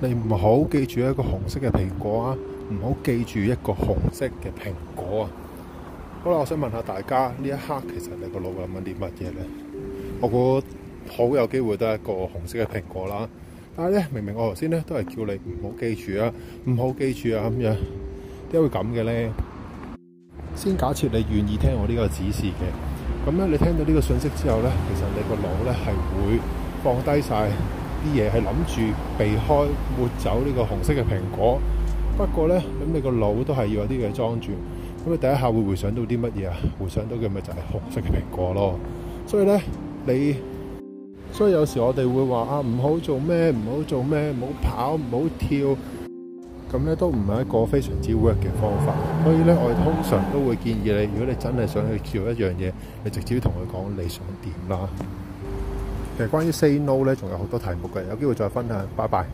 你唔好記住一個紅色嘅蘋果啊！唔好記住一個紅色嘅蘋果啊！好啦，我想問下大家，呢一刻其實你個腦諗緊啲乜嘢咧？我估好有機會都係一個紅色嘅蘋果啦。但係咧，明明我頭先咧都係叫你唔好記住啊，唔好記住啊咁樣，點解會咁嘅咧？先假設你願意聽我呢個指示嘅，咁咧你聽到呢個信息之後咧，其實你個腦咧係會放低晒。啲嘢係諗住避開抹走呢個紅色嘅蘋果，不過呢，咁你個腦都係要有啲嘅裝住，咁你第一下會回想到啲乜嘢啊？回想到嘅咪就係紅色嘅蘋果咯。所以呢，你，所以有時我哋會話啊唔好做咩，唔好做咩，唔好跑，唔好跳，咁呢都唔係一個非常之 work 嘅方法。所以呢，我哋通常都會建議你，如果你真係想去做一樣嘢，你直接同佢講你想點啦。其實，關於 say no 呢，仲有好多題目嘅，有機會再分享。拜拜。